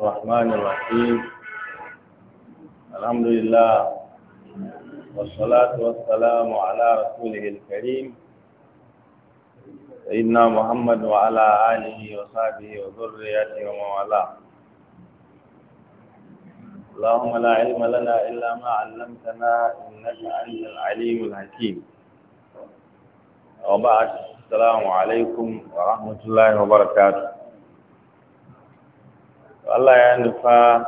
الرحمن الرحيم الحمد لله والصلاة والسلام على رسوله الكريم سيدنا محمد وعلى آله وصحبه وذريته ومن والاه اللهم لا علم لنا إلا ما علمتنا إنك أنت العليم الحكيم وبعد السلام عليكم ورحمة الله وبركاته Allah ya nufa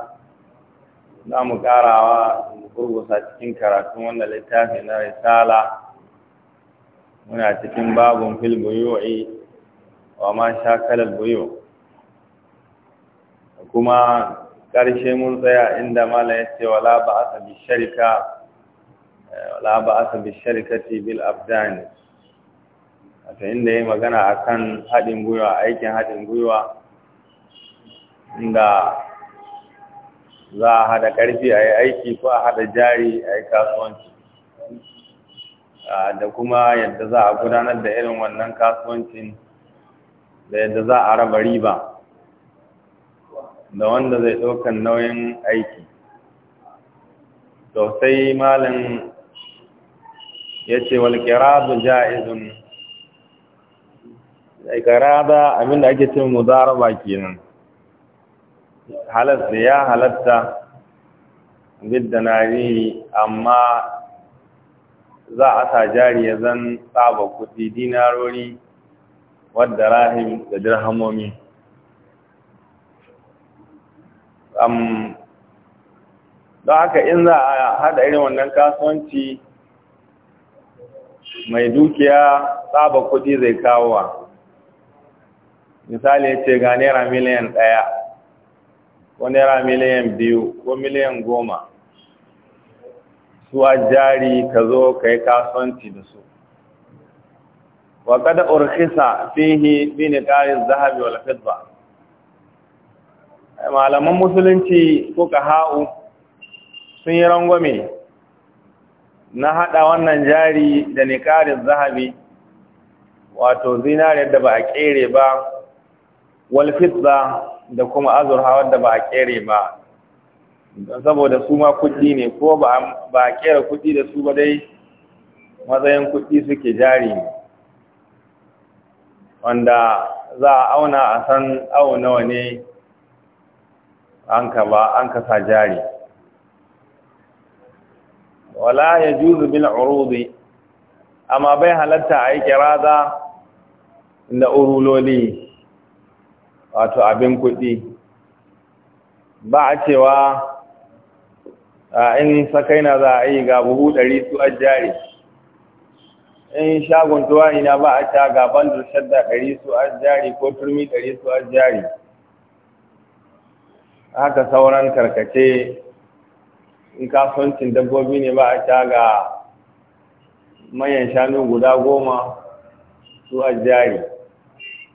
za mu ƙarawa gurgusa cikin karatun wannan littafi na risala muna cikin babun fil buyu'i wa ma shakalal buyu kuma ƙarshe mun tsaya inda mala ya ce wala ba a bi sharika wala ba'asa bi sharikati bil abdani wato inda ya magana akan haɗin gwiwa aikin haɗin gwiwa inda za a hada karfi a yi aiki ko a hada jari a yi kasuwanci da kuma yadda za a gudanar da irin wannan kasuwancin da yadda za a raba riba da wanda zai ɗaukan nauyin aiki to sai malin ya ce walƙiradu ja'izun ƙirada abinda ake cin mudaraba kenan halatta ya halatta bidda nari amma za a sa jari ya zan tsaba kudi dinarori wadda rahim da dirhamomi don haka in za a haɗa irin wannan kasuwanci mai dukiya tsaba kudi zai wa, misali ya ce ga naira miliyan ɗaya ko naira miliyan biyu ko miliyan goma suwa jari ka zo ka yi kasuwanci da su wa kada urkisa fihi bi kayan zahabi wal fidda malaman musulunci ko ha'u sun yi rangwame na haɗa wannan jari da nikarin zahabi wato zinare da ba a kere ba wal da kuma azurha wadda ba a kere ba saboda su ma kuɗi ne ko ba a kera kuɗi da su ba dai matsayin kuɗi suke jari ne wanda za a auna a san awo nawa ne an ba an kasa jari wala ya juzu bil urudi amma bai halatta a yi za da uruloli wato abin kuɗi ba a cewa in na za a yi ga buhu ɗari su a jari. in shagon tuwani na ba a sha ga bandar shadda ɗari su a jari ko turmi ɗari su a jari. haka sauran karkace in kasuwancin dabbobi ne ba a sha ga manyan shanu guda goma su a jari.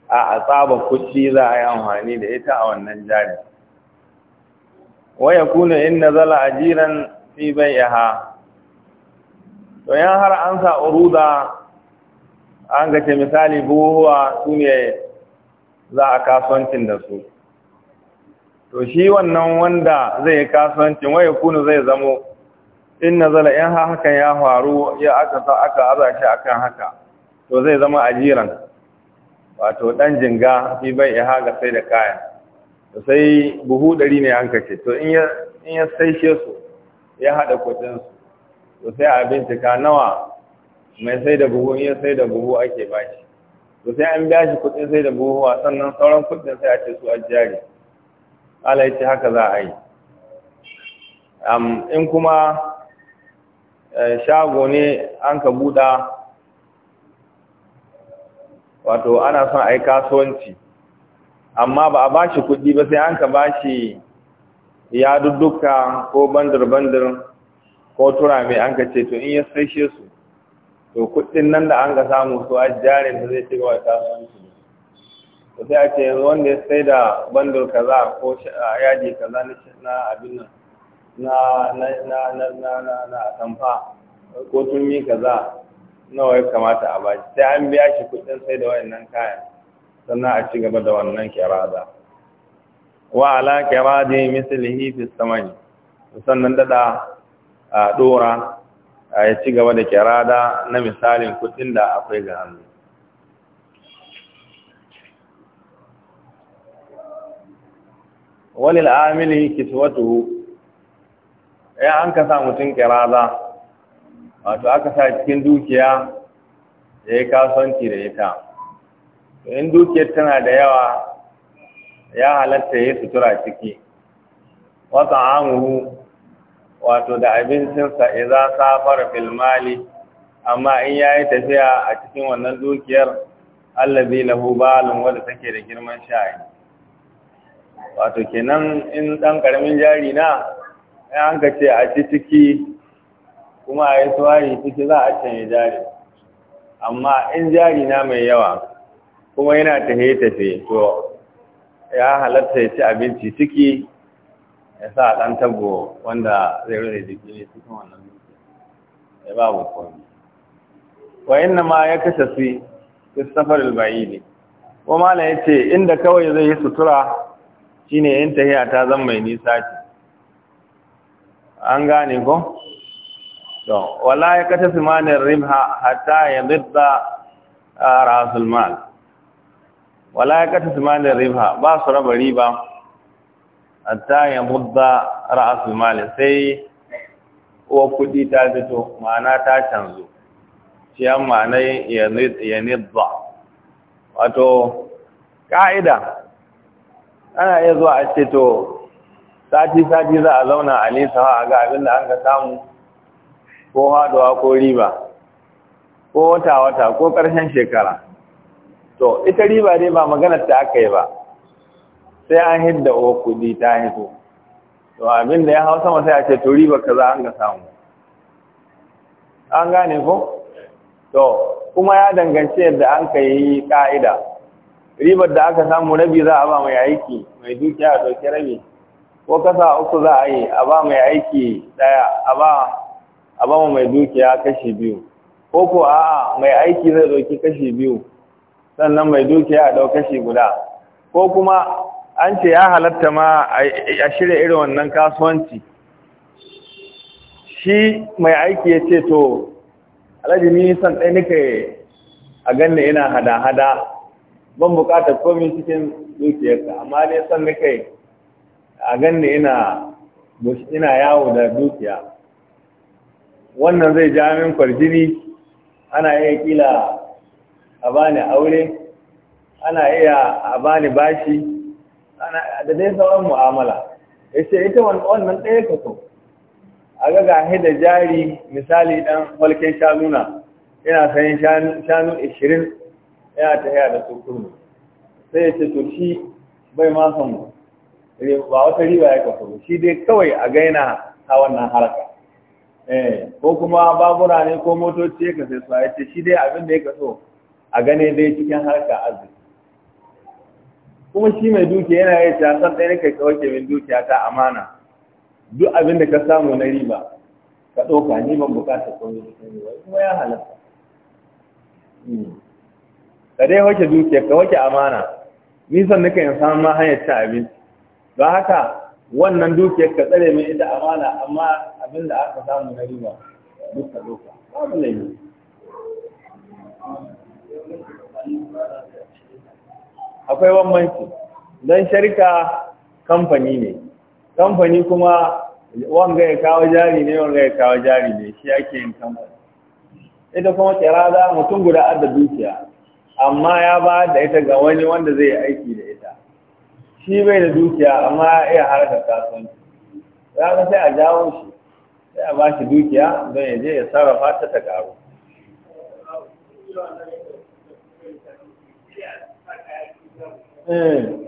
a a tsaba kuɗi za a yi amfani da ita a wannan jari waya kuna in na zala a jiran fi ha? to yan har an sa uruda an ga ce misali buhuwa su ne za a kasuwancin da su to shi wannan wanda zai kasuwancin waya kuna zai zamo in na zala? in hakan ya faru ya aka sa aka aza shi akan haka to zai zama ajiran wato dan jinga fi bai ya haga sai da kaya to sai buhu ɗari ne an kace to in ya in ya saishe su ya hada kudin su to sai a bincika nawa mai sai da buhu in ya sai da buhu ake bashi to sai an biya shi kudin sai da buhu sannan sauran kudin sai a ce su ajjari Allah ya ce haka za a yi in kuma eh, shago ne an ka buɗa wato ana son a yi kasuwanci amma ba a bashi kuɗi ba sai an ka bashi ya dudduka ko bandar-bandar ko tura mai an ka ce to in ya saishe su to kuɗin nan da an ka samu su a jari da zai cigaba da kasuwanci to sai a ce yanzu wanda ya sai da bandar kaza ko yaji kaza na abin nan na na na na na na atamfa ko na kaza nawa ya kamata a bashi sai an biya shi kuɗin sai da wayannan kayan sannan a ci gaba da wannan kirada wa ala kiradi mislihi fi samani sannan dada a dora ya ci gaba da kirada na misalin kuɗin da akwai ga hannu walil amili kiswatu ya eh, an ka sa mutum kirada wato aka sa cikin dukiya da ya kasuwanci da ita in dukiyar tana da yawa ya halatta ya sutura ciki wata amuru wato da abincinsa iza safar filmali amma in ya yi tafiya a cikin wannan dukiyar allabi na hubalin wadda take da girman sha'ani wato kenan in ɗan ƙaramin jari na ya hankace ce a ci ciki kuma a yi tuwari ciki za a canye jari amma in jari na mai yawa kuma yana tafiye-tafiye to ya halatta ya ci abinci ciki ya sa ɗan tabo wanda zai rure jiki ne cikin wannan mutu. ya ba mu komi wa inna ma ya kashe su fi safar ne. ko mala ya ce inda kawai zai yi sutura shine in tahiya ta zan mai nisa ce an gane ko to wala ya kata simanin rimha hatta ya zidda rasul mal wala ya kata simanin rimha ba su raba riba hatta ya mudda rasul mal sai wa kudi ta fito ma'ana ta canzu shi an ma'ana ya nidda wato ka'ida ana iya zuwa a ce to sati-sati za a zauna a nisa a ga abin da an ka samu ko haduwa ko riba ko wata-wata ko ƙarshen shekara to ita riba dai ba maganar ta aka yi ba sai an hidda o kudi ta hito to abin da ya hau sama sai a ce to riba za an ga samu an gane ko to kuma ya danganci yadda an ka yi ka'ida ribar da aka samu rabi za a ba mai aiki mai dukiya a ɗauki rabi ko kasa uku za a yi a ba mai aiki ɗaya a ba a ba mai dukiya kashi biyu ko ko a'a mai aiki zai ɗauki kashi biyu sannan mai dukiya a ɗau kashi guda ko kuma an ce ya halatta ma a shirya irin wannan kasuwanci shi mai aiki ya ce to alhaji ni san ɗaya nika a ganin ina hada-hada ban buƙatar komi cikin dukiyarka amma dai san nika a ganni ina yawo da dukiya wannan zai ja min kwarjini ana iya kila a bani aure ana iya a bani bashi da dai sauran mu'amala ya ce ita wannan ɗaya ka so a ga gahe da jari misali dan walken shanuna yana sayin shanu 20 yana ta haya da tsokuru sai ya ce to shi bai ma san ba wata riba ya kafa shi dai kawai a gaina a wannan haraka Eh, ko kuma babura ne ko motoci ka sai su ya ce shi dai abin da ya kaso a gane dai cikin harka arziki kuma shi mai dukiya yana yi ta san ɗaya kai kawai min dukiya ta amana duk abin da ka samu na riba ka ɗauka ni ban bukata komai da komai kuma ya halatta hmm. ka dai wace dukiya ka wace amana nisan nika in samu ma hanyar ci abinci don haka wannan dukiyar ka tsare mai ita amana amma abin da aka samu na riba duka doka babu laifi akwai bambanci don sharika kamfani ne kamfani kuma wanga ya kawo jari ne wanga ya kawo jari ne shi ake yin kamfani ita kuma kirada mutum guda adda dukiya amma ya ba da ita ga wani wanda zai aiki da ita shi bai da dukiya amma iya harkar kasuwanci za ga sai a jawo shi sai a ba shi dukiya don ya je ya sarrafa ta ta karu eh. Mm.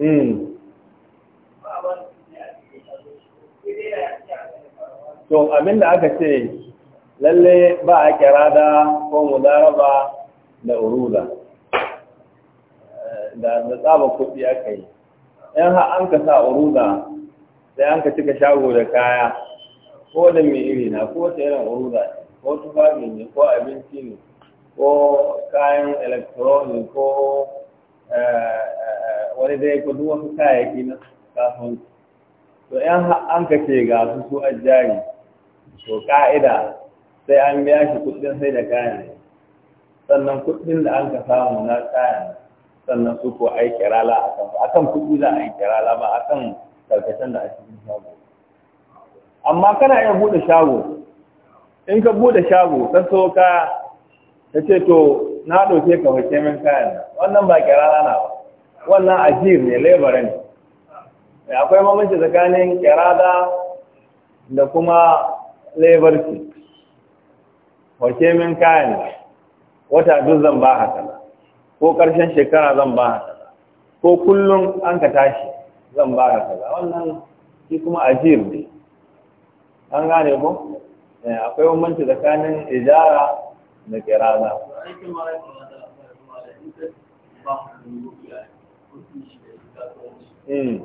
Mm. to da aka ce lalle ba a da ko mudaraba da uruda eh, da da tsaba kuɗi aka yi in har an ka sa uruda sai an ka cika shago da kaya ko da mai iri na ko ta irin uruda ko tufafi ne ko abinci ne ko kayan elektroni ko eh, eh, wani dai ko duk wasu kayayyaki na kasuwanci to yan an ka ce ga su su ajiyari to ka'ida sai an biya shi kuɗin sai da kayan sannan kuɗin da an ka samu na kayan sannan su ko ai kirala a kan a kan kuɗi za a yi kirala ba a kan karkashin da a cikin shago amma kana iya buɗe shago in ka buɗe shago ka so ka ta ce to na ɗauke ka hake min kayan wannan ba kirala na ba wannan ajir ne labarin akwai mamaci tsakanin kirada da kuma lebarci wace min kaya ne wata duk zan ba haka ko ƙarshen shekara zan ba haka ko kullum an ka tashi zan ba haka wannan shi kuma ajiyar ne an gane ko eh, akwai bambanci tsakanin ijara da kirana Mm.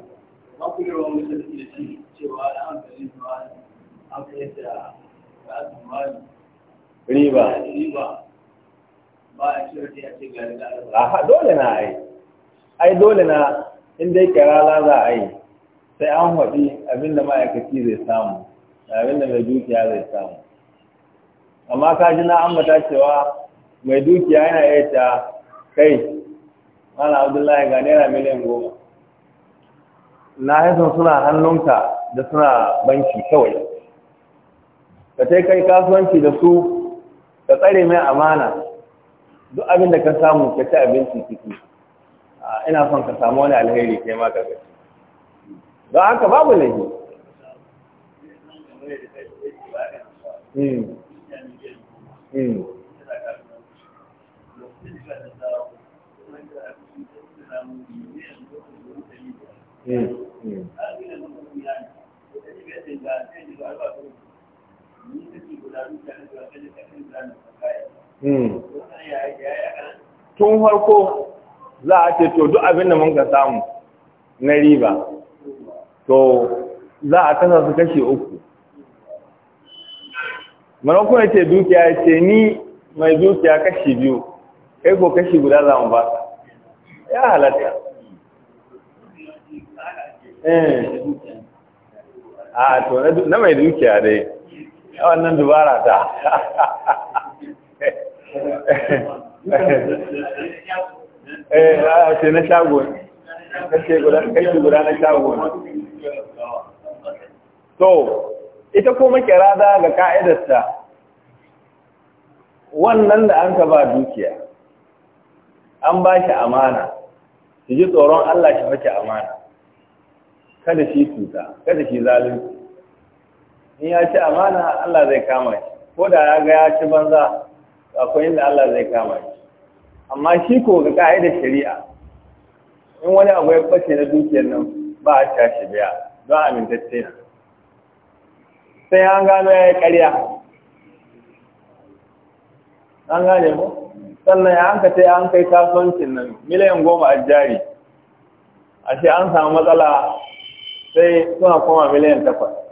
riba Aha, dole na ai ai dole na in dai kirala za a yi sai an haɗi abinda ma'aikaci zai samu da abinda mai dukiya zai samu amma ka ji na ambata cewa mai dukiya yana iya ta kai mana abdullahi ga naira miliyan goma na haifin suna hannunka da suna banki kawai ka sai kai kasuwanci da su ka tsare mai amana duk abin da ka samu ka ci abinci ciki ina son ka samu wani alheri kai ma ka gaci don haka babu laifi Mm. Mm. Hmm. tun harko za a ce to duk abin da mun ka samu na riba to za a kasa su kashe uku manakon ya ce dukiya ce ni mai dukiya kashi biyu kai ko kashi guda za mu ba ya halatta eh. a to na mai dukiya dai wannan dubara ta eh ce na shago kace guda kai guda na shago to ita kuma rada ga ka'idarta wannan da an ka ba dukiya an ba shi amana shi ji tsoron Allah shi fake amana kada shi tuta kada shi zalunci in ya ci amana Allah zai kama shi ko da ya ga ya ci banza akwai inda Allah zai kama shi amma shi ko ga ka'idar shari'a in wani abu ya bace na dukiyar nan ba a shi biya don amintacce na sai an gano ya yi karya an gane mu sannan ya hanka sai an kai kasuwancin nan miliyan goma a jari a ce an samu matsala sai suna koma miliyan takwas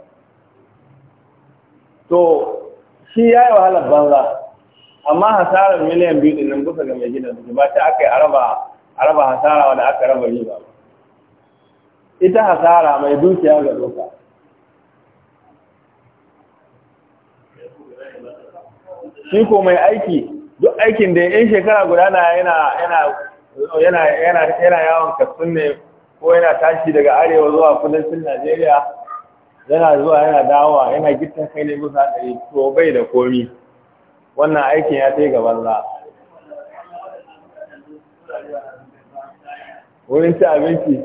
to shi ya yi wahalar banza amma hasarar miliyan biyu ɗin nan ga mai gidan su ba ta aka yi a raba hasara wanda aka raba riba ita hasara mai dukiya ga doka shi ko mai aiki duk aikin da in shekara guda na yana yana yana yawon kasu ne ko yana tashi daga arewa zuwa kudancin Najeriya yana zuwa yana dawowa yana gittin kai ne bisa ɗari to bai da komi wannan aikin ya tai gaban za wurin ci abinci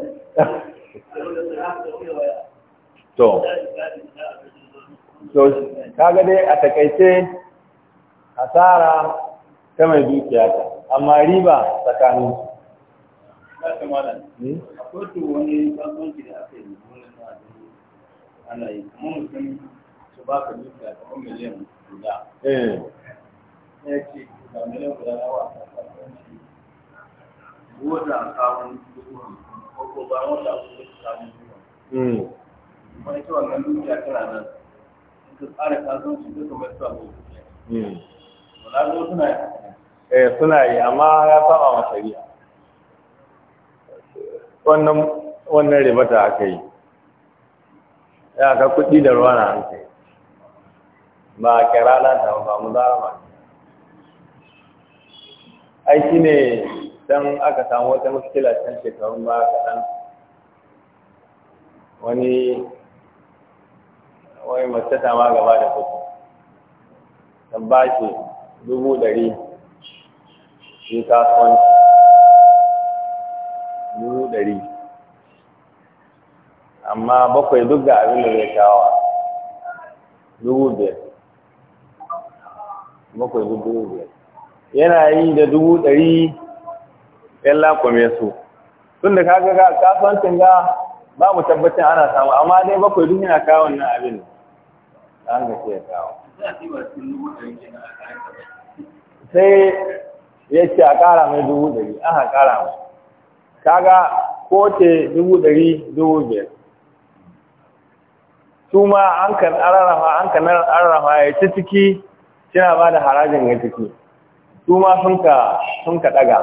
to to kaga dai a takaice asara ta mai dukiya ta amma riba tsakanin ana yi kuma mutum su ba ka dukiya kamar miliyan guda eh. ya ce ga miliyan guda na wa ta kasuwanci wata samun dubu ko ba wata kuma samun dubu hmm. kuma ita wannan dukiya tana nan in ka tsara kasuwanci duka mai sa ko wala zo suna yi eh suna yi amma ya saba ma shari'a wannan wannan riba da aka yi ya ka kuɗi da ruwa na hanci ba a kira na ta ba mu za ma ai shi ne don aka samu wata muskila can shekarun ba kaɗan wani wani mace ma gaba da kuɗi ta ba shi dubu ɗari shi kasuwanci dubu ɗari amma bakwai duk ga abin da zai kawo dubu biyar bakwai duk dubu biyar yana yi da dubu ɗari ɗan lakwame su tun da kaga ga kasuwancin ga ba mu tabbacin ana samu amma dai bakwai duk yana kawo wannan abin da an gashi ya kawo sai ya ce a ƙara mai dubu ɗari an ƙara mai kaga ko ce dubu ɗari dubu biyar su ma an kan ararrafa an kan ararrafa ya ci ciki suna ba da harajin ya ciki su ma sun ka sun ka daga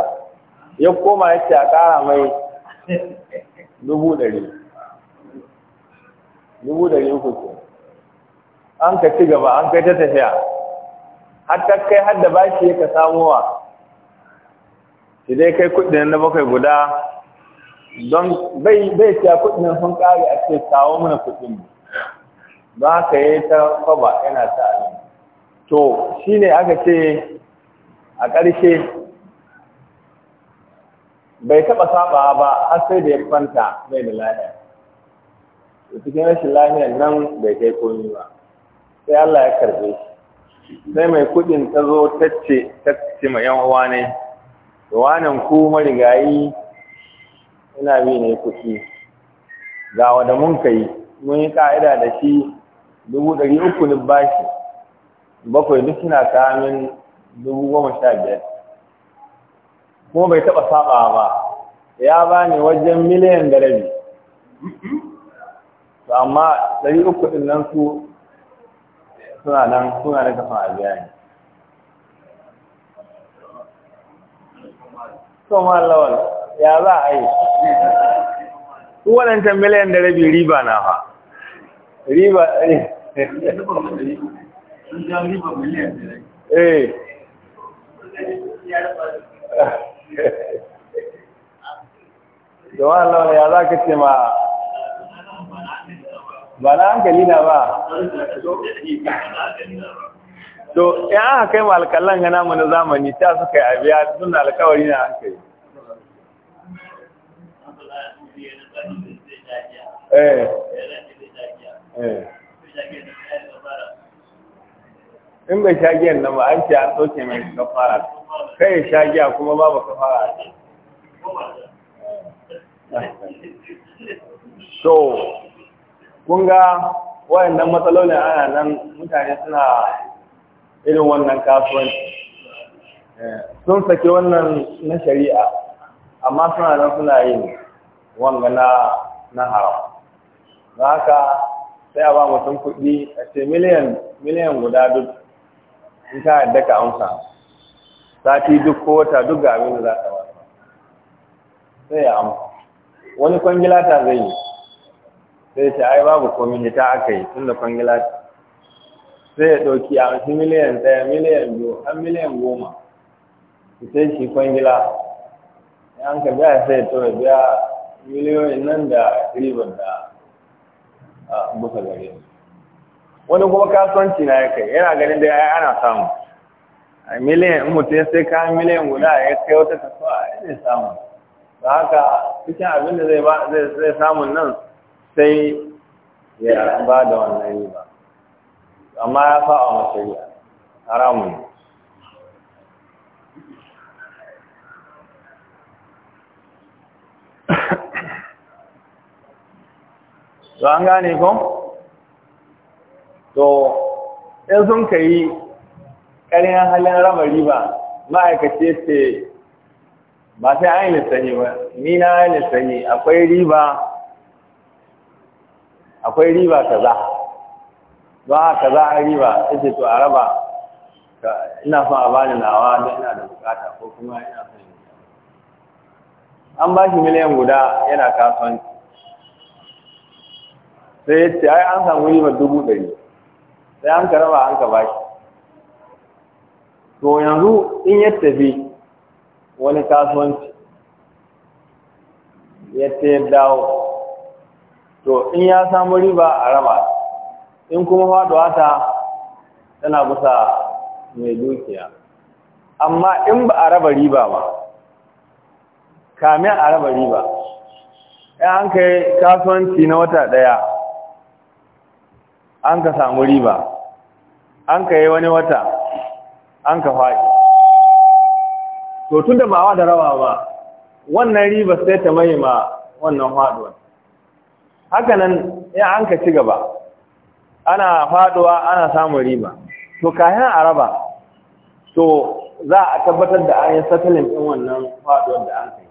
ya koma ya ce a kara mai dubu ɗari dubu ɗari uku ce an ka ci gaba an kai ta tafiya har ta kai har da bashi ka samowa shi dai kai kudin na bakwai guda don bai bai ciya kuɗin sun ƙare a ce kawo mana kudin mu Ba ka yi ta kwaba yana ta abin to shi ne aka ce a ƙarshe bai taɓa saba ba har sai da ya kwanta mai da lahiya cikin rashin lahiyar nan bai kai komi ba sai Allah ya karbe shi sai mai kuɗin ta zo ta ce ma yan uwa ne wanan ku marigayi ina bi ne kuɗi ga wanda mun kai mun yi ka'ida da shi dubu ɗari uku ni bashi bakwai duk suna kamin dubu goma sha biyar kuma bai taɓa saɓa ba ya ba ne wajen miliyan da rabi to amma ɗari uku ɗin nan su suna nan suna da kafin a biya ne ma lawal ya za a yi su waɗancan miliyan da rabi riba na fa riba eh, eh yawan kai ma alkalan gana mu na zamani ta suka yi abiya alkawari na hankali eh, eh. in bai sha giyan nan ba an ce an ɗauke mai kafara kai ya sha giya kuma babu kafara so kun ga wayannan matsaloli ana nan mutane suna irin wannan kasuwanci eh, sun sake wannan na shari'a amma suna nan suna yin wanga na haram Da haka sai a ba mutum kuɗi a ce miliyan miliyan guda duk in ka yadda ka amsa sati duk ko wata duk ga abin da za ka wasa sai ya amsa wani kwangilata zai yi sai ce ai babu komi ta aka yi tun da kwangilata sai ya ɗauki a miliyan ɗaya miliyan biyu har miliyan goma sai shi kwangila an ka biya sai to ya biya miliyoyin nan da ribar da buka gare mu wani kuma kasuwanci na ya kai yana ganin da ai ana samu a miliyan in mutum sai ka miliyan guda ya kai wata kasuwa zai samun da haka cikin abin da zai zai samu nan sai ya ba da wannan ba amma ya fa a mashari'a haramun ne to an gane ko to in sun ka yi ƙaryan halin raba riba ma'aikaci ce ba sai an yi lissani ba ni na yi lissani akwai riba akwai riba kaza ba kaza a riba ita to a raba ina son a bani nawa don ina da bukata ko kuma ina son an ba shi miliyan guda yana kasuwanci sai ya ce ai an samu riba dubu ɗari sai an karaba an ka shi. to yanzu in ya tafi wani kasuwanci ya ta ya dawo to in ya samu riba a raba in kuma faduwa ta tana kusa mai dukiya amma in ba a raba riba ba kamin a raba riba ya an kai kasuwanci na wata daya an ka samu riba an ka yi wani wata an ka faɗi to tun da ba wa da rawa ba wannan riba sai ta mai ma wannan faɗuwa haka nan ya an ka ci gaba ana faɗuwa ana samun riba to kayan araba to za a tabbatar da an yi satalin ɗin wannan faɗuwar da an kai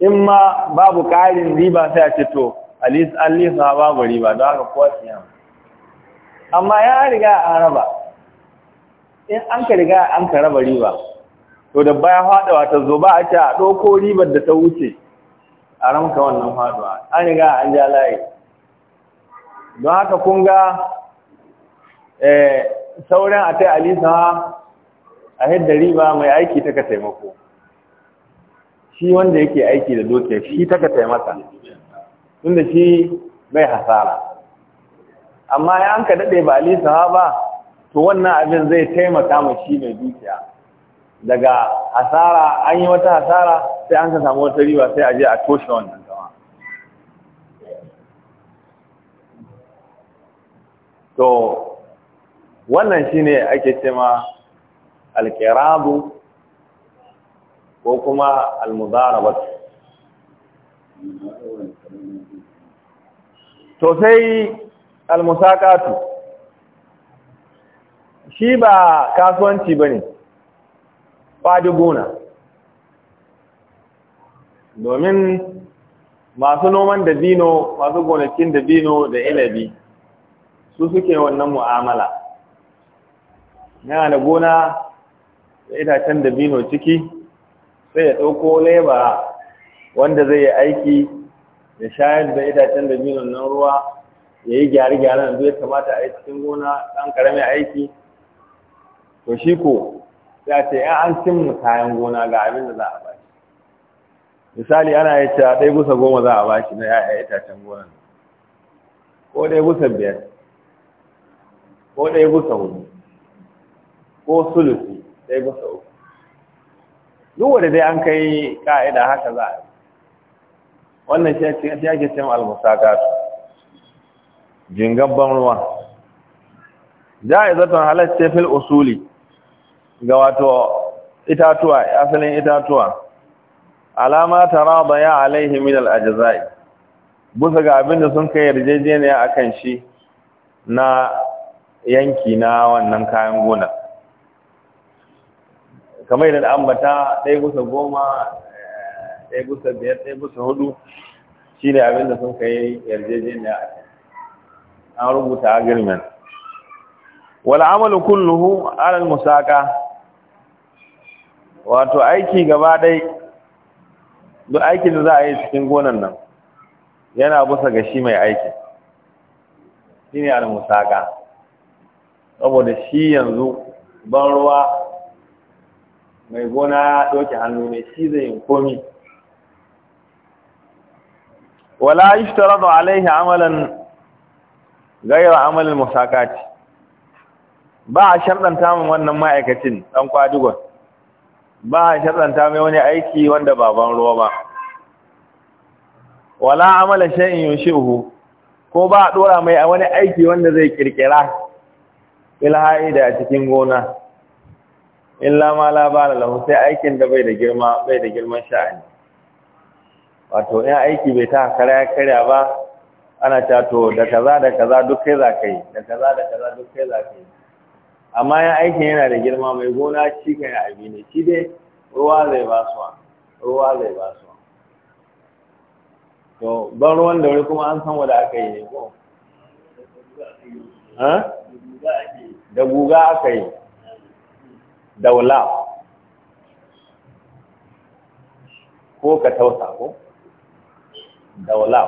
in ma babu ƙarin riba sai a ce to an lisa babu riba don haka kowa siya amma ya riga an raba in an ka riga an ka raba riba to da baya haɗawa ta zo ba a ce a ɗauko ribar da ta wuce a ramka wannan haɗuwa an riga an ja layi don haka kun ga eh, sauran a tai alisa a hidda riba mai aiki ta ka taimako shi wanda yake aiki da doke shi ta ka taimaka tunda shi bai hasara amma ya an ka daɗe ba lisa ba to wannan abin zai taimaka mu shi mai dukiya daga hasara an yi wata hasara sai an ka samu wata riba sai a je a toshe wannan gama to wannan shine ake cema alƙirabu ko kuma almudarabatu to sai almusakatu shi ba kasuwanci ba bane fadiguna domin masu noman dabino masu gonakin dabino da ilabi su suke wannan mu'amala yana da gona da itacen dabino ciki sai ya ɗauko leba wanda zai yi aiki ya shayar da itacen da binon nan ruwa ya yi gyare-gyaren da ya kamata a yi cikin gona ɗan ƙaramin aiki to shi ko ya ce ya an cin kayan gona ga abin da za a shi misali ana yi cewa ɗaya busa goma za a bashi na ya'ya itacen gona ko ɗaya busa biyar ko ɗaya busa hudu ko sulusi ɗaya busa uku duk wanda dai an kai ƙa'ida haka za a yi wannan shi ake cewa cin almusakatu jingabban ruwa ja'izatun halatta fil usuli ga wato itatuwa asalin itatuwa alama tarada ya alaihi min al ajza'i busa ga abinda sun kai yarjejeniya akan shi na yanki na wannan kayan gona kamar idan ambata ɗaya kusa goma ɗaya bisa biyar ɗaya bisa hudu shi ne abinda sun kai yarjejeniya a can. an rubuta agreement wal amalu kulluhu alal musaka wato aiki gaba dai duk aikin da za a yi cikin gonan nan yana busa ga shi mai aiki shi ne musaka saboda shi yanzu ban ruwa mai gona ya ɗauke hannu ne shi zai yi komi wala yushtaradu alaihi amalan gaira amalin musakati ba a ta min wannan ma'aikacin ɗan kwadugo ba a ta mai wani aiki wanda baban ruwa ba wala amala shay'in yushihu ko ba a ɗora mai wani aiki wanda zai ƙirƙira ilha'ida a cikin gona illa ma labara lahu sai aikin da bai da girma bai da girman sha'ani wato in aiki bai ta kara ya karya ba ana ta to da kaza da kaza duk kai za ka yi da kaza da kaza duk kai za ka yi amma ya aikin yana da girma mai gona shi kan ya abi ne shi dai ruwa zai ba su ruwa zai ba su to ban ruwan da wuri kuma an san wanda aka yi ne ko da guga aka yi daula ko ka tausa ko daula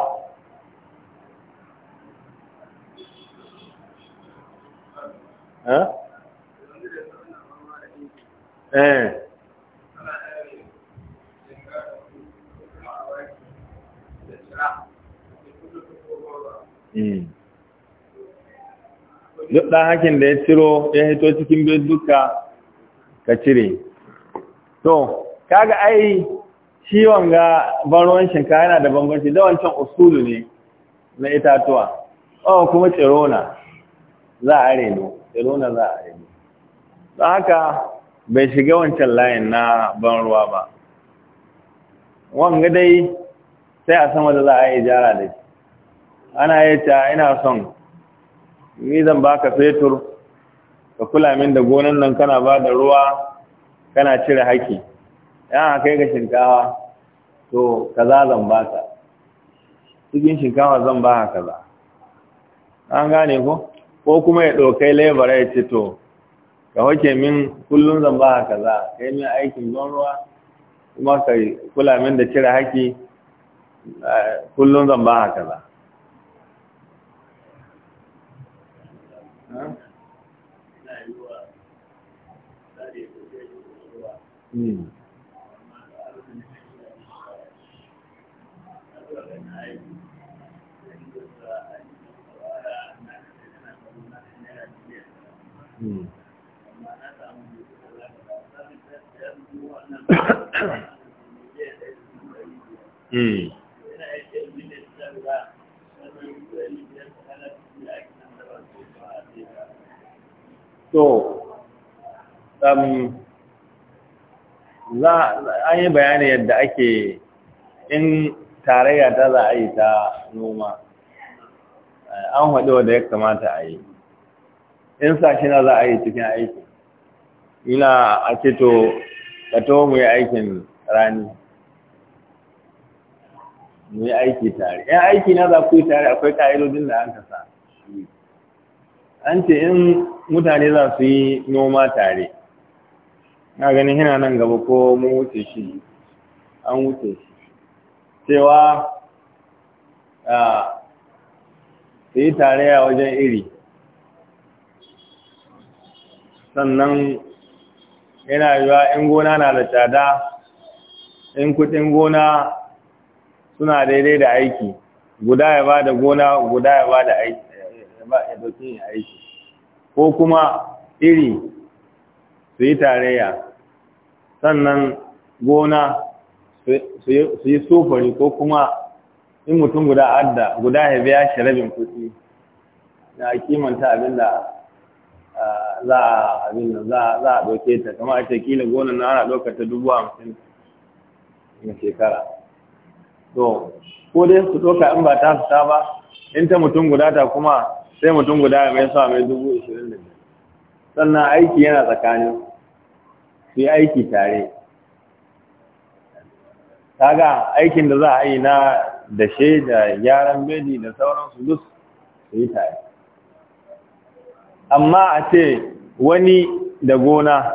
eh hmm. duk ɗan hakin da ya ciro ya hito cikin bai duka ka cire to kaga ai ciwon wanga ban shinka yana da bambanci da wancan usulu ne na itatuwa oh kuma tsirona za a reno tsirona za a reno don haka bai shiga wancan layin na ban ba wanga dai sai a sama da za a yi jara da shi ana yi ta ina son ni zan baka fetur ka kula min da gonan nan kana ba da ruwa kana cire haki ya kai ga shinkawa to kaza zan baka cikin shinkawa zan ba ka kaza an gane ko ko kuma ya ɗaukai laibara ya ce to ka hoke min kullum zan ba ka kaza ka yi min aikin don ruwa kuma ka kula min da cire haki kullum zan ba ka kaza Mm. Hmm. Um, za an yi bayanin yadda ake in tarayya ta za a yi ta noma eh, an haɗu wadda ya kamata a yi in sashina za a yi cikin aiki ina a to ka to mu yi aikin rani mu yi aiki tare yan aiki na za ku yi tare akwai ka'idodin da an sa an ce in mutane za su yi noma tare na ganin hina nan gaba ko mun wuce shi an wuce shi cewa su yi tare a wajen iri sannan yana yiwa in gona na da tsada in kudin gona suna daidai da aiki guda ya ba da gona guda ya ba da aiki ya aiki ko kuma iri su yi tarayya sannan gona su yi sufuri ko kuma in mutum guda adda guda ya biya shi rabin kuɗi na kimanta abinda za a abin nan za a ɗauke ta kamar a cikin kila gonan na ana ɗaukar ta dubu hamsin na shekara to ko dai su ɗauka in ba ta su ta ba in ta mutum guda ta kuma sai mutum guda ya mai sa mai dubu ishirin da biyar sannan aiki yana tsakanin su yi aiki tare kaga aikin da za a yi na dashe da gyaran bedi da sauransu duk su yi tare amma a ce wani da gona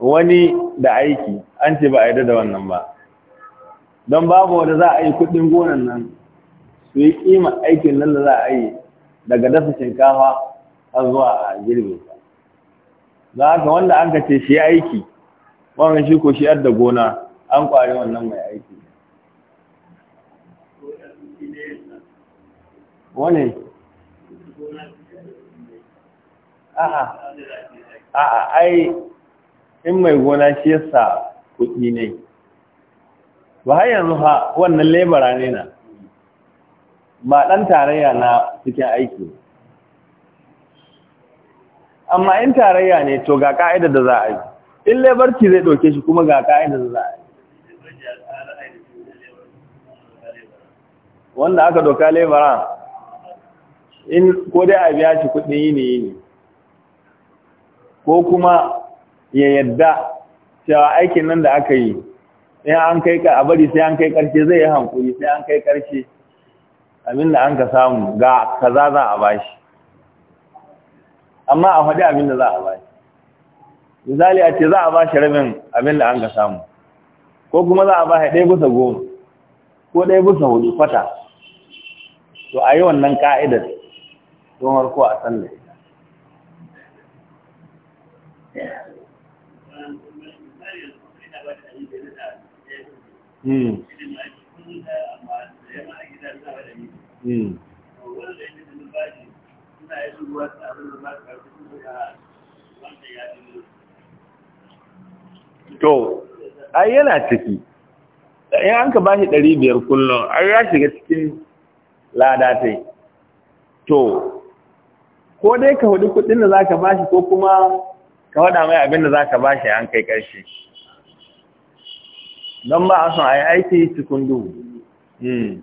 wani da aiki an ce ba a yadda da wannan ba don babu wanda za a yi kudin gonan nan su yi kima aikin nan da za a yi daga dasa shinkafa har zuwa a girbe ka, za ka wanda an ka ce shi aiki wannan shi ko shi da gona an kwari wannan mai aiki wani a'a ai in mai gona shi yasa kuɗi ne ba har yanzu ha wannan lebara ne na ba ɗan tarayya na cikin aiki amma in tarayya ne to ga ka'ida da za a yi in lebarci zai ɗauke shi kuma ga ka'ida da za a yi wanda aka doka lebara in ko dai a biya shi kuɗin yini yini ko kuma ya yadda cewa aikin nan da aka yi sai an kai ka a bari sai an kai karshe zai yi hankuri sai an kai karshe abin da an ka samu ga kaza za a bashi amma a faɗi abin da za a bashi misali a ce za a bashi rabin abin da an ka samu ko kuma za a bashi ɗaya bisa goma ko ɗaya bisa hudu fata. to a yi wannan ka'idar don harko a sallai to ai yana ciki in an ka ba shi ɗari biyar kullum ai ya shiga cikin ladatai to ko dai ka hudu kuɗin da za ka ba shi ko kuma ka hada mai abin da za ka ba shi an kai ƙarshe don ba a son a yi aiki cikin duhu hmm.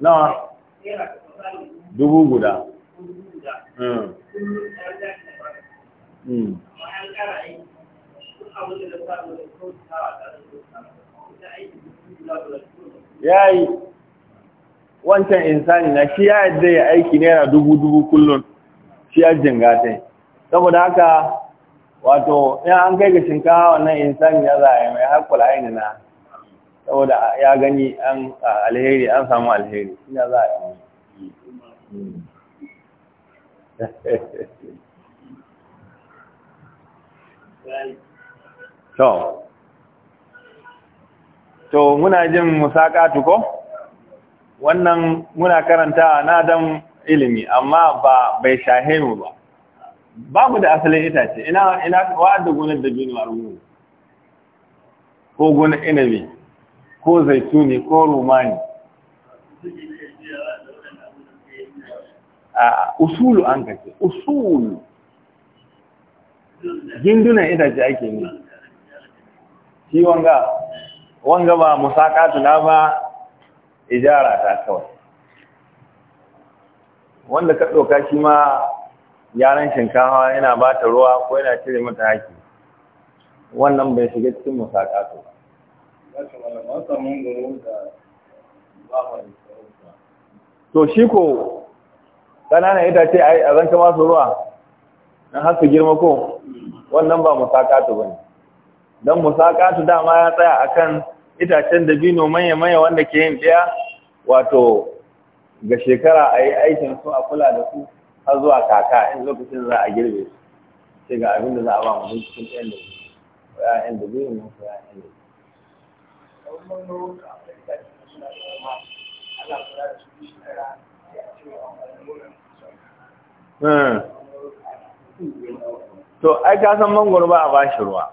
nawa dubu guda hmm. hmm. ya yi wancan insani na shi ya yi ya aiki naira dubu dubu kullum shi ajin gatai saboda haka wato ya an kai ga shinkawa wannan insani ya za a yi mai haƙƙul aini na saboda ya gani an alheri an samu alheri ina za a yi to to muna jin musaka tuko wannan muna karanta na dan ilimi amma ba bai shahe mu ba babu da asalin itace ina ina wa'adda gonar da binu armu ko gonar inabi ko zaituni ko rumani a usulu an kace usulu gindunan itace ake ne shi wanga wanga ba musakatu na ba ijara ta kawai wanda ka ɗauka shi ma yaran shinkawa yana ba ta ruwa ko yana cire mata haki wannan bai shiga cikin musaƙa to to shi ko ƙananan itace a zanka masu ruwa na har girma ko wannan ba musaƙa ba ne don musaƙa ta dama ya tsaya akan itacen dabino manya-manya wanda ke yin ɗaya wato ga shekara a yi aikin su a kula da su har zuwa kaka in lokacin za a girbe su sai ga abin da za a ba mu cikin ɗayan da biyu ko ya'yan da biyu ne ko ya'yan da su? Hmm. To, ai ka san mangoro ba a ba shi ruwa,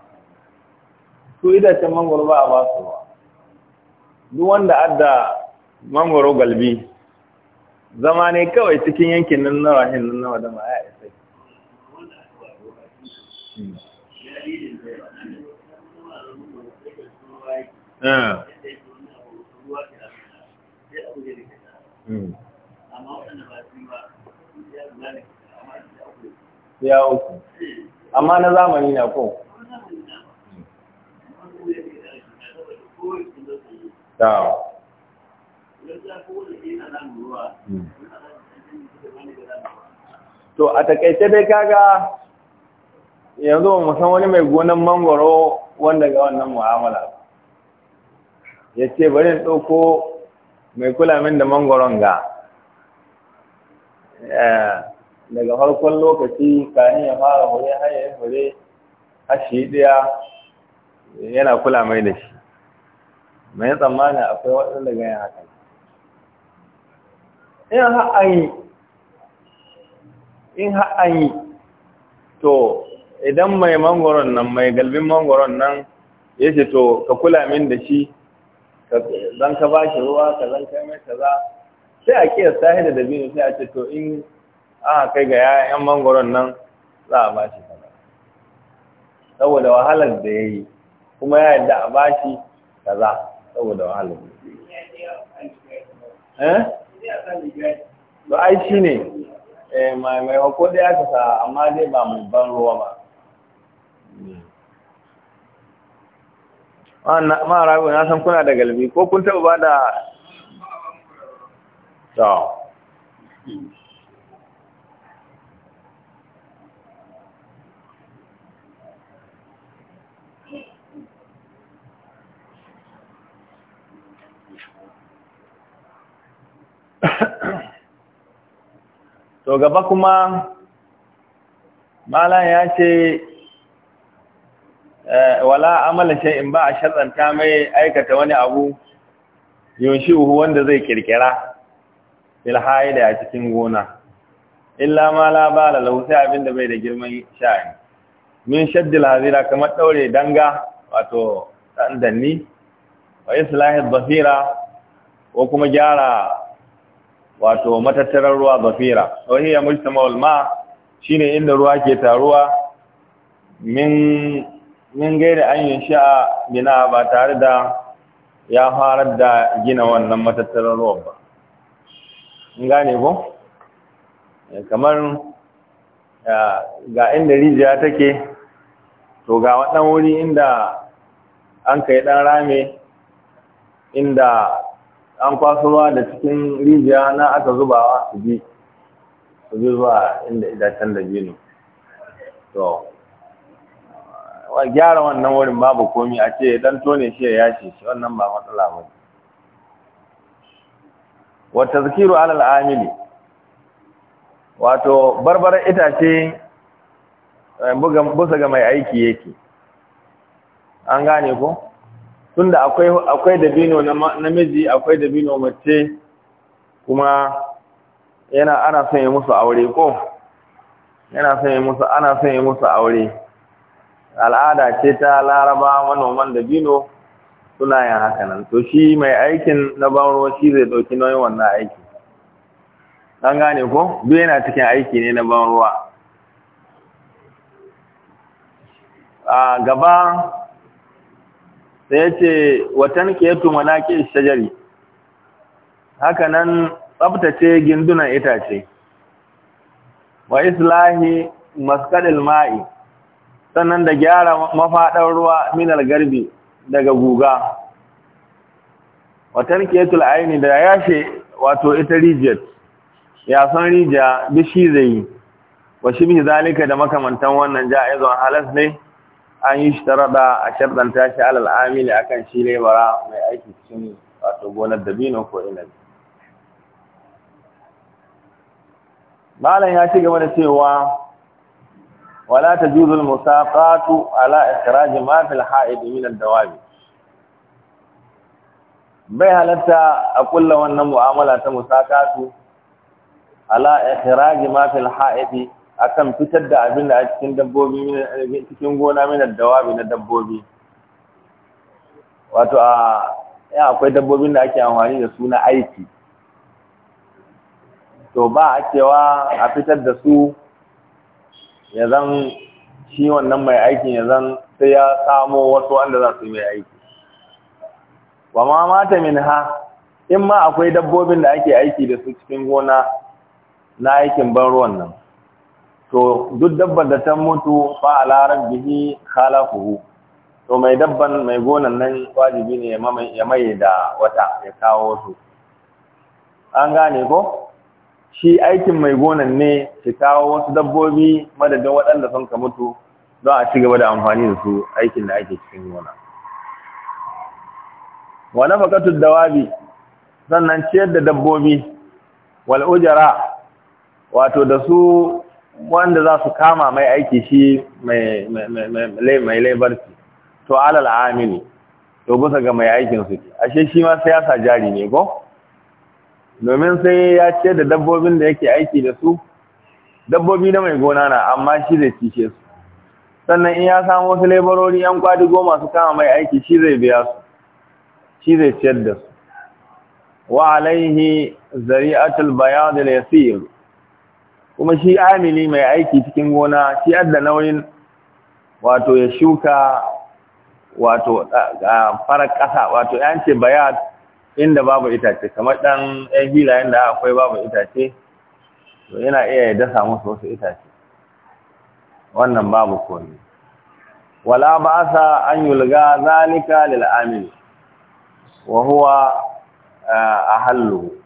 su ce mangoro ba a ba su ruwa. Duk wanda adda mangoro galbi zama ne kawai cikin yankin nan nawa hin nan nawa da maya isai hmm. ya uku amma na zamani na ko ta hmm. to a takaice dai kaga yanzu ba musan wani mai gonan mangoro wanda ga wannan mu'amala ya ce bari in ɗauko mai kula min da mangoron ga eh, daga farkon lokaci kayan ya fara hure haye hure hashi ɗaya yana kula mai da shi mai tsammanin akwai waɗanda ga hakan in ha'ayi in ha'ayi to idan mai mangoron nan mai galbin mangoron nan ya ce to ka kula min da shi zan ka ba shi ruwa ka zan kai mai kaza sai a sahi da dabino sai a ce to in aka kai ga 'ya'yan mangoron nan za a ba shi kaza saboda wahalar da ya yi kuma ya yadda a ba shi kaza saboda wahalar da ya yi eh? ba ai shi ne eh, mai ko dai aka sa amma dai ba mai ban ruwa ba ma rabu na san kuna da galibi ko kun taɓa ba da to gaba kuma malam ya ce eh, wala amala in ba a shatsanta mai aikata wani abu yunshi uhu wanda zai kirkira da a cikin gona illa ma la da lahu sai abinda bai da girman sha'ani min shaddi hazira kamar ɗaure danga wato dandanni wa islahi basira ko kuma gyara wato matattarar ruwa zafira ya mujtama'ul ma shine inda ruwa ke taruwa min min gaira an yi sha'a bina ba tare da ya farar da gina wannan matattarar ruwan ba in gane ko eh, kamar ga inda rijiya take to ga wadan wuri inda an kai dan rame inda an kwaso ruwa da cikin rijiya na aka zubawa su bi su bi zuwa inda idacen da binu to gyara wannan wurin babu komi a ce dan tone shi ya yashe shi wannan ba matsala ba wa tazkiru alal amili wato barbarar itace eh, busa ga mai aiki yake an gane ko tunda akwai akwai dabino namiji akwai dabino mace kuma yana ana son ya musu aure ko yana son ya musu ana son yi musu aure al'ada ce ta laraba manoman dabino suna yin haka nan to shi mai aikin na ruwa shi zai ɗauki nauyin wannan aiki an gane ko duk yana cikin aiki ne na ban ruwa a gaba sai ya ce watan ketu ke shajari haka nan tsabtace gindunan itace wa islahi maskadil ma'i sannan da gyara mafaɗar ruwa minal garbi daga guga watan ketul aini da ya yashe wato ita rijiyar ya san rijiya bishi zai yi wa shi zalika da makamantan wannan ja'izon halas ne an yi shtarada a sharɗanta shi alal amili akan shi lebara mai aiki cikin wato gonar dabino ko inabi malam ya ci gaba da cewa wala ta tajuzul musaqatu ala ikhraj ma fil ha'id min ad bai halatta a kulla wannan mu'amala ta musaqatu ala ikhraj ma fil ha'id akan fitar da abin da a cikin dabbobi cikin gona minar dawabi na dabbobi wato a ya akwai dabbobin da ake amfani da su na aiki to ba a cewa a fitar da su ya zan shi wannan mai aikin ya zan sai ya samo wasu wanda za su yi mai aiki ba ma mata min ha in ma akwai dabbobin da ake aiki da su cikin gona na aikin ban ruwan nan to duk dabban da ta mutu fa ala rabbihi khalaquhu to mai dabban mai gonan nan wajibi ne ya mai da wata ya kawo su an gane ko shi aikin mai gonan ne su kawo wasu dabbobi madadin waɗanda sun ka mutu don a ci gaba da amfani da su aikin da ake cikin gona wa nafaqatu dawabi sannan ciyar da dabbobi wal ujara wato da su wanda za su kama mai aiki shi mai laibarci to alal amini to gusa ga mai aikin su ashe shi ma sai ya sa jari ne ko domin sai ya ce da dabbobin da yake aiki da su dabbobi na mai gona na amma shi zai cishe su sannan in ya samu wasu laibarori yan kwadi goma su kama mai aiki shi zai biya su shi zai ciyar da su wa alaihi zari'atul bayadul kuma shi Amini mai aiki cikin gona shi adda nauyin wato ya shuka wato farar ƙasa wato ya ce bayat inda babu itace kamar ɗan yan hila da akwai babu itace to yana iya ya dasa musu wasu itace wannan babu komi wala ba sa an yulga zalika lil Amini? wa huwa hallu.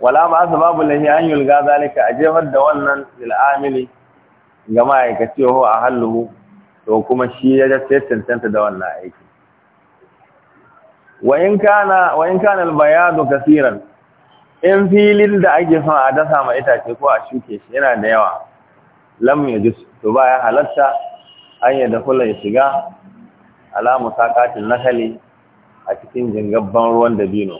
wala ba su babu lahi an yulga zalika a jefar da wannan lil'amili ga ma'aikaci ho a halluhu to kuma shi ya sai tantanta da wannan aiki wa in kana wa in kana al-bayadu kaseeran in filin da ake son a dasa ma itace ko a shuke shi yana da yawa lam yajus to ba ya halatta an ya dafa ya shiga alamu saqatil nakali a cikin jingabban ruwan dabino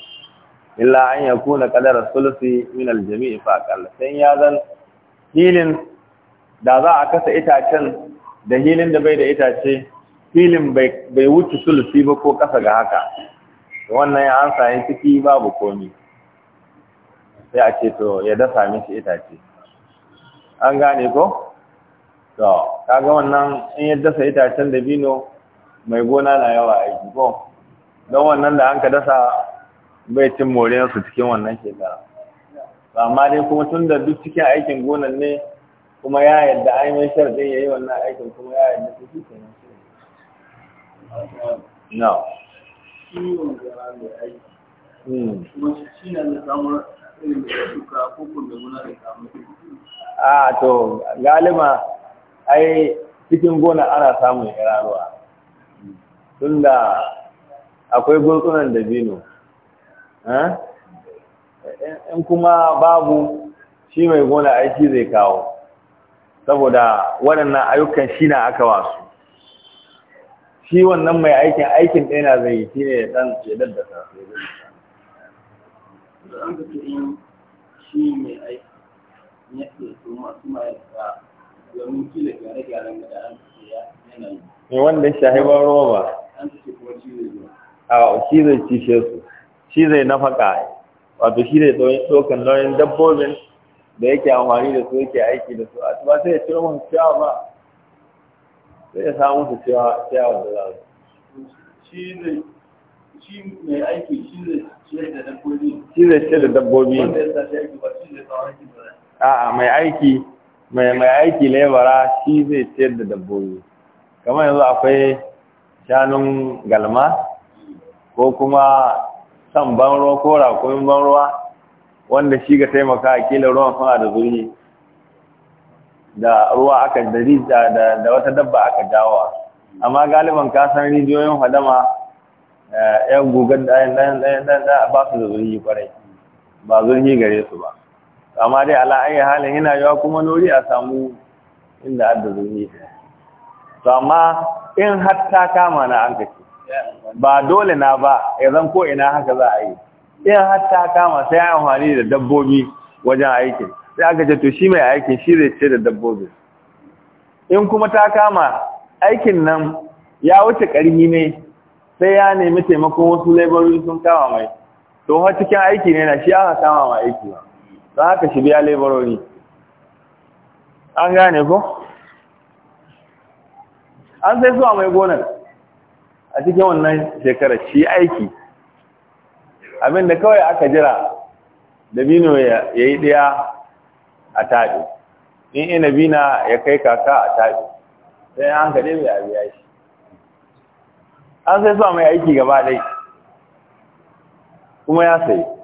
illa an ya kuna kadar sulusi min aljami'i fa aqalla sai ya zan hilin da za a kasa itacen da hilin da bai da itace hilin bai wuce sulusi ba ko kasa ga haka wannan ya ansa yin ciki babu komi sai a ce to ya dasa mishi itace an gane ko to kaga wannan in ya dasa itacen da bino mai gona na yawa aiki ko don wannan da an ka dasa bai cin moriyarsu cikin wannan shekara amma dai kuma tun da duk cikin aikin gonan ne kuma ya yadda ai mai sharɗin ya yi wannan aikin kuma ya yadda su fi kenan no ciwon gara mai aiki hmm. kuma shi na samun irin da suka kukun da da samun a to galima ai cikin gona ana samun iraruwa tunda akwai gurtsunan dabino in kuma babu shi mai gona aiki zai kawo saboda waɗannan ayyukan shi na aka wasu shi wannan mai aikin aikin ɗaya na zai shi ne dan ya daddasa da an kace in shi mai aiki ya ce to masu ma'aikata domin kila gyare-gyaren da an kace ya yanayi. wanda shahibar roba. An kace kuma shi zai zo. A shi zai cishe su. shi zai nafaka wato shi zai tsokan nauyin dabbobin da yake amfani da su yake aiki da su a ba sai ya ciro musu ciyawa ba sai ya samu su ciyawa da za su shi mai aiki shi zai da dabbobi shi zai ciyar da dabbobi wanda ya sa aiki ba shi zai aiki ba a'a mai aiki mai mai aiki lebara shi zai ciyar da dabbobi kamar yanzu akwai shanun galma ko kuma kan ban ruwa ko rakumin ban ruwa wanda shi ga taimaka a kila ruwan suna da zuri da ruwa aka dari da wata dabba aka jawowa amma galiban kasan rijiyoyin hadama eh, yan gugan dayan dayan dayan da ba su da zuri kwarai ba zuri gare su ba amma dai ala halin yana yawa kuma nori a samu inda adda zuri to amma in har kama na an kace ba dole na ba zan ko ina haka za a yi in hatta ta kama sai ya amfani da dabbobi wajen aikin sai aka ce to shi mai aikin shi zai ce da dabbobi in kuma ta kama aikin nan ya wuce ƙarfi ne sai ya nemi taimakon wasu laibarori sun kama mai to ha cikin aiki ne na shi aka kama ma aiki ba don haka shi biya laibarori an gane ko an sai zuwa mai gonar a cikin wannan shekarar shi aiki abinda kawai aka jira dabino ya yi ɗaya a taɗi in ina na ya kai kaka a taɗi sai an kaɗe mai abu ya shi an sai sa mai aiki gaba ɗai kuma ya sai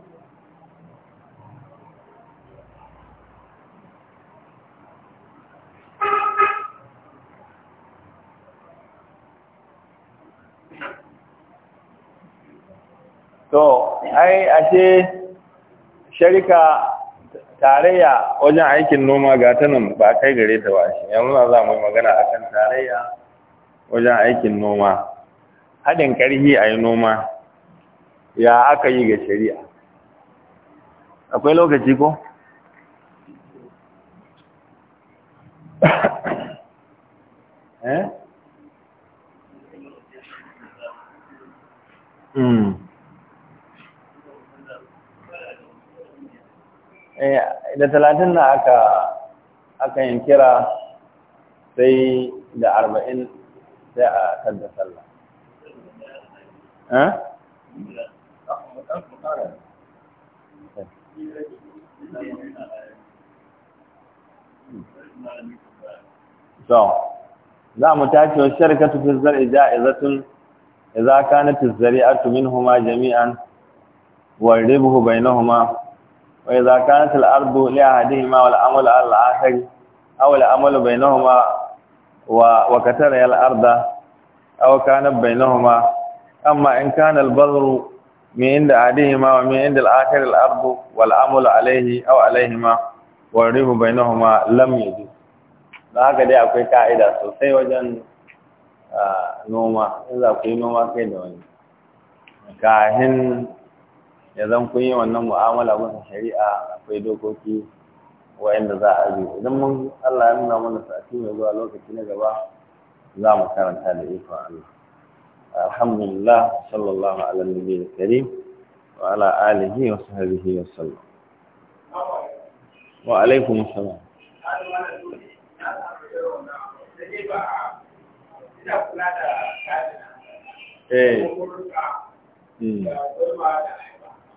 to ai ashe sharika tarayya wajen aikin noma ga ta nan ba kai gare ta ba shi yanzu za mu yi magana kan tarayya wajen aikin noma haɗin ƙarfi a yi noma ya aka yi ga shari'a akwai lokaci ko? eh? Hmm. Eh, da talatin na aka aka yin kira sai da arba'in sai a kadda sallah eh? so za mu tashi wa sharkatu fi zar'i ja'izatun na kanat a tumin minhuma jami'an wa bainahuma wa idza kanat al ardu li ahadihima wal amalu al akhir aw al amalu baynahuma wa wa katara al arda aw kana baynahuma amma in kana al badru min inda ahadihima wa inda al akhir al ardu wal amalu alayhi aw alayhima wa ribu baynahuma lam yajid da haka dai akwai ka'ida sosai wajen noma in za ku yi noma kai da wani ya zan kun yi wannan mu'amala musu shari'a akwai dokoki wa'anda za a yi idan mun Allah ya nuna mana sa'ati mai zuwa lokaci na gaba za mu karanta da ikon Allah alhamdulillah sallallahu ala nabiyil karim wa ala alihi wa sahbihi wa sallam wa alaikum assalam Eh. Hmm.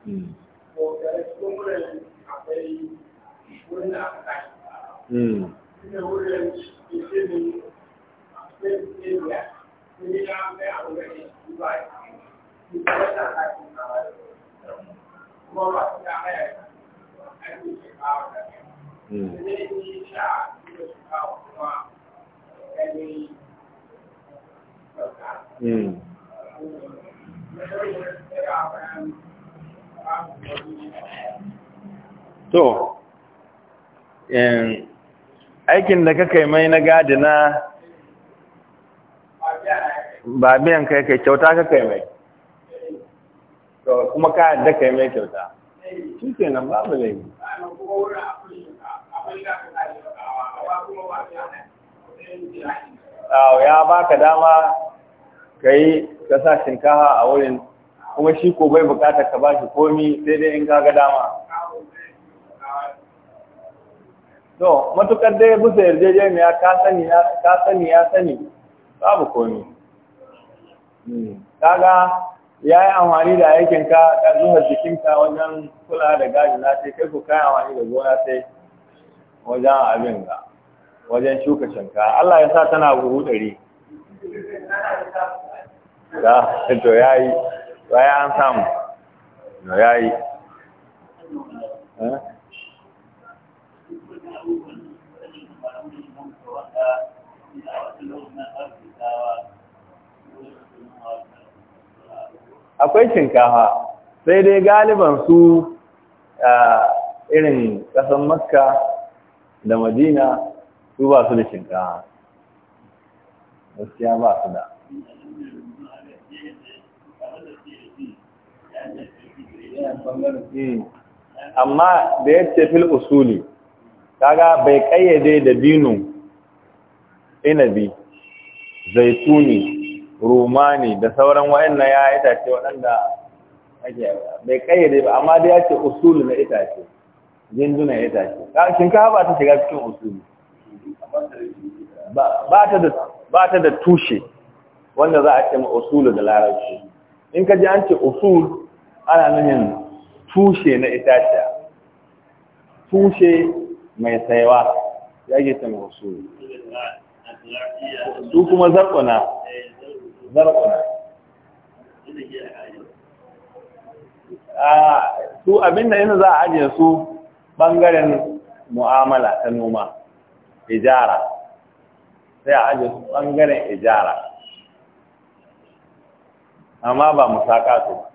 Mm. mm. mm. to aikin da kaka mai na gadina ba biyan kai kai kyauta kaka mai to kuma ka yadda kai mai kyauta shi ke nan babu laifi ya baka dama ka yi ka sa shinkawa a wurin kuma shi ko bai bukata ka ba shi komi sai dai in ga dama to matukar dai busa yarjejeniya ka sani ka sani ya sani babu komi hmm. kaga ya yi amfani da aikinka ka zuwa jikinka wajen kula da gaji na sai kai ku kai amfani da gona sai wajen abin ga wajen shuka shinka. Allah ya sa tana buhu ɗari da to ya yi Waya an samu ya yi eh? akwai shinkafa sai dai galiban su irin ƙasan makka da madina su ba su da shinkafa gaskiya ba su da Eh. amma da ya ce fil usuli kaga bai kayyade da binu inabi zaituni rumani da sauran wa'annan ya itace waɗanda bai kayyade ba amma da ya ce usuli na itace jindunan itace shinkafa ba ta shiga cikin usuli ba ta da tushe wanda za a ce ma usuli da larabci in ka ji an ce usul ana nuhin tushe na itaciya tushe mai saiwa ya ke ta wasu su kuma zarkuna zarkuna su abinda yana za a ajiye su bangaren mu'amala ta noma ijara sai a ajiye su bangaren ijara amma ba musaka su ba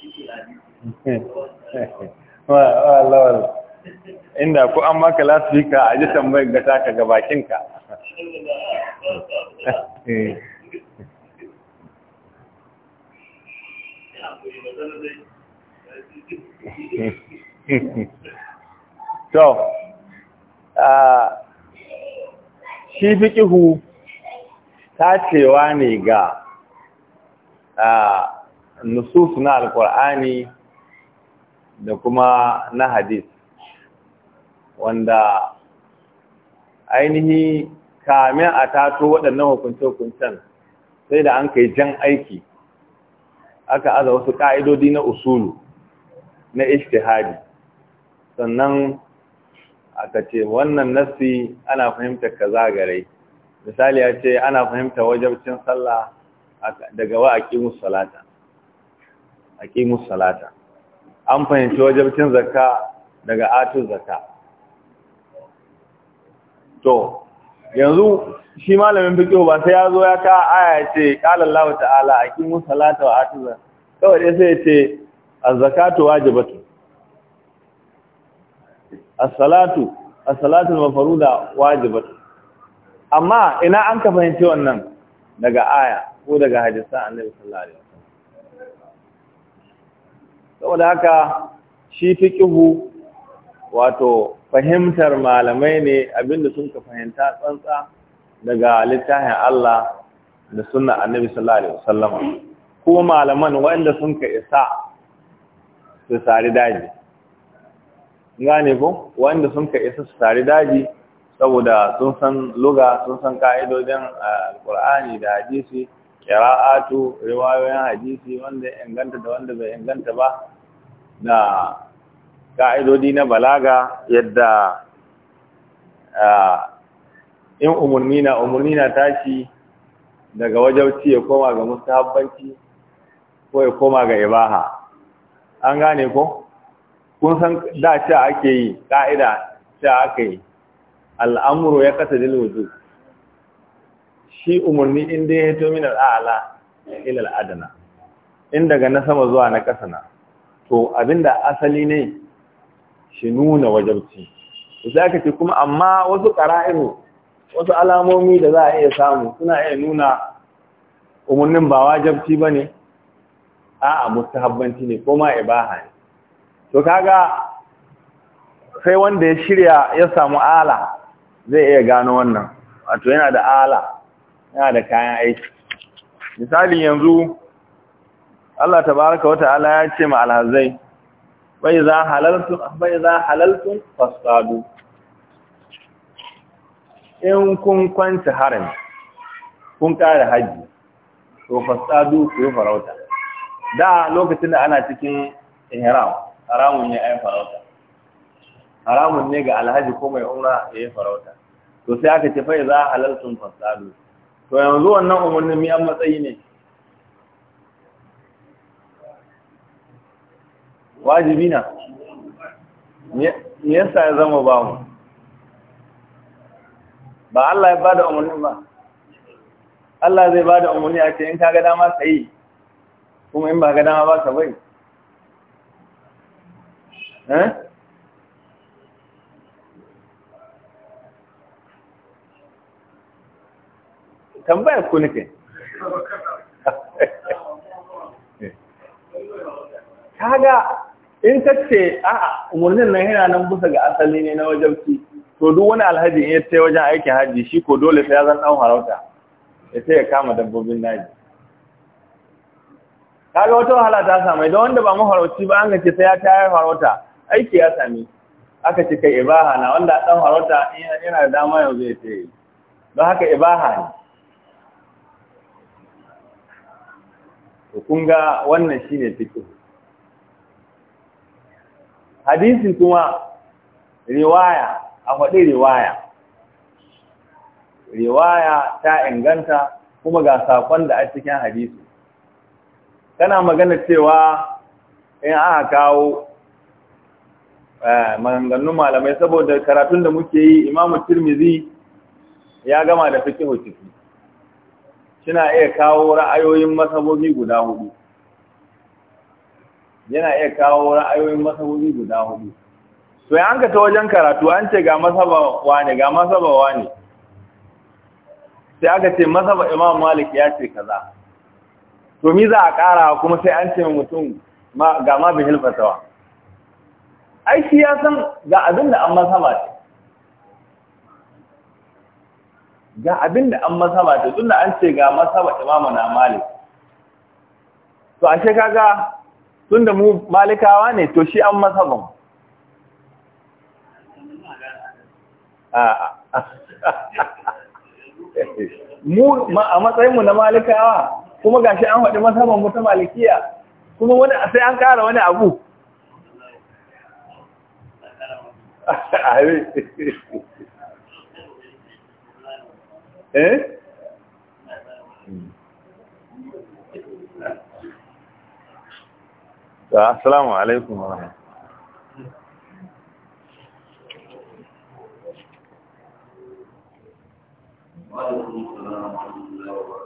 Allah inda ku an maka lasfika a ji tambayin ga ga bakinka to shi fiƙihu tacewa ne ga nusus na alkur'ani da kuma na hadis wanda ainihi kamin a tato waɗannan hukunce-hukuncen sai da an kai jan aiki aka aza wasu ƙa'idodi na usulu na ishtihadi sannan aka ce wannan nassi ana fahimta kaza gare misali ya ce ana fahimta wajabcin sallah daga wa'aƙi musu salata aqimus salata an fahimci wajibin zakka daga atu zakka to yanzu shi malamin fiqh ba sai ya zo ya ka aya ce qala Allah ta'ala aqimus salata wa atu zakka kawai sai ya ce az-zakatu wajibatu as-salatu as-salatu mafruda wajibatu amma ina an ka fahimci wannan daga aya ko daga hadisan Annabi sallallahu alaihi wasallam saboda haka shi fi fiqhu wato fahimtar malamai ne abinda sun ka fahimta tsantsa daga littafin Allah da sunna annabi sallallahu alaihi wasallam kuma malaman wanda sun ka isa su sari daji gane ko wanda sun ka isa su sari daji saboda sun san luga sun san ka'idodin alkur'ani da hadisi qira'atu riwayoyin hadisi wanda ya inganta da wanda bai inganta ba na ka'idodi na balaga yadda in umarni na umarni na tashi daga wajauci ya koma ga mustahabbanci ko ya koma ga ibaha an gane ko kun san da ce ake yi ka'ida ce ake yi al'amuru ya kasa dil wuzu shi umarni inda ya hito min al'ala ila al'adana in daga na sama zuwa na ƙasa na to abinda asali ne shi nuna wajabci za ka ce kuma amma wasu ƙara'iru wasu alamomi da za a iya samu suna iya nuna umarnin ba wajabci ba ne a a mustahabbanci ne ko ma ibaha ne to kaga sai wanda ya shirya ya samu ala zai iya gano wannan wato yana da ala yana da kayan aiki misali yanzu Allah tabaraka wa ta'ala ya ce ma alhazai bai za halaltun bai za halaltun fasadu in kun kwanta harin, kun kare haji to fasadu ku yi farauta da lokacin da ana cikin ihram haramun ne ayi farauta haramun ne ga alhaji ko mai umra yayi farauta to sai aka ce fa za halaltun fasadu to yanzu wannan umarnin mi an matsayi ne wajibi na yasa ya zama ba mu ba Allah ya bada umarni ba Allah zai bada umarni a ce in ka ga dama sai kuma in ba ga dama ba ka bai eh tambaya ku nake kaga in ka ce a'a umarnin nan yana nan bisa ga asali ne na wajabci to duk wani alhaji in ya ce wajen aikin haji shi ko dole sai ya zan dan harauta ya ce ya kama dabbobin daji kaga wata wahala ta samu idan wanda ba maharauci ba an ga ce sai ya tayar harauta aiki ya sami aka ce kai ibaha na wanda dan harauta yana da dama yanzu ya ce don haka ibaha ne to kun ga wannan shine fikihu hadisi kuma riwaya a faɗi riwaya riwaya ta inganta kuma ga sakon da a cikin hadisi kana magana cewa in aka kawo eh, maganganun malamai saboda karatun da muke yi imamu tirmizi ya gama da fikihu ciki suna iya kawo ra'ayoyin masabobi guda hudu yana iya kawo ra'ayoyin masabobi guda hudu to an ka ta wajen karatu an ce ga masaba wane ga masaba wane sai aka ce masaba imam malik ya ce kaza to mi za a kara kuma sai an ce mutum ga ma bihil fatawa ai shi ya san ga abin da an masaba ce ga abin da an masaba ce tunda an ce ga masaba imam na malik to ashe kaga tun da mu malikawa ne to shi an mazhabin mu a matsayinmu na malikawa kuma ga shi an haɗi mazhabin mu ta malikiya kuma wani sai an ƙara wani abu eh assalamu alaikum wa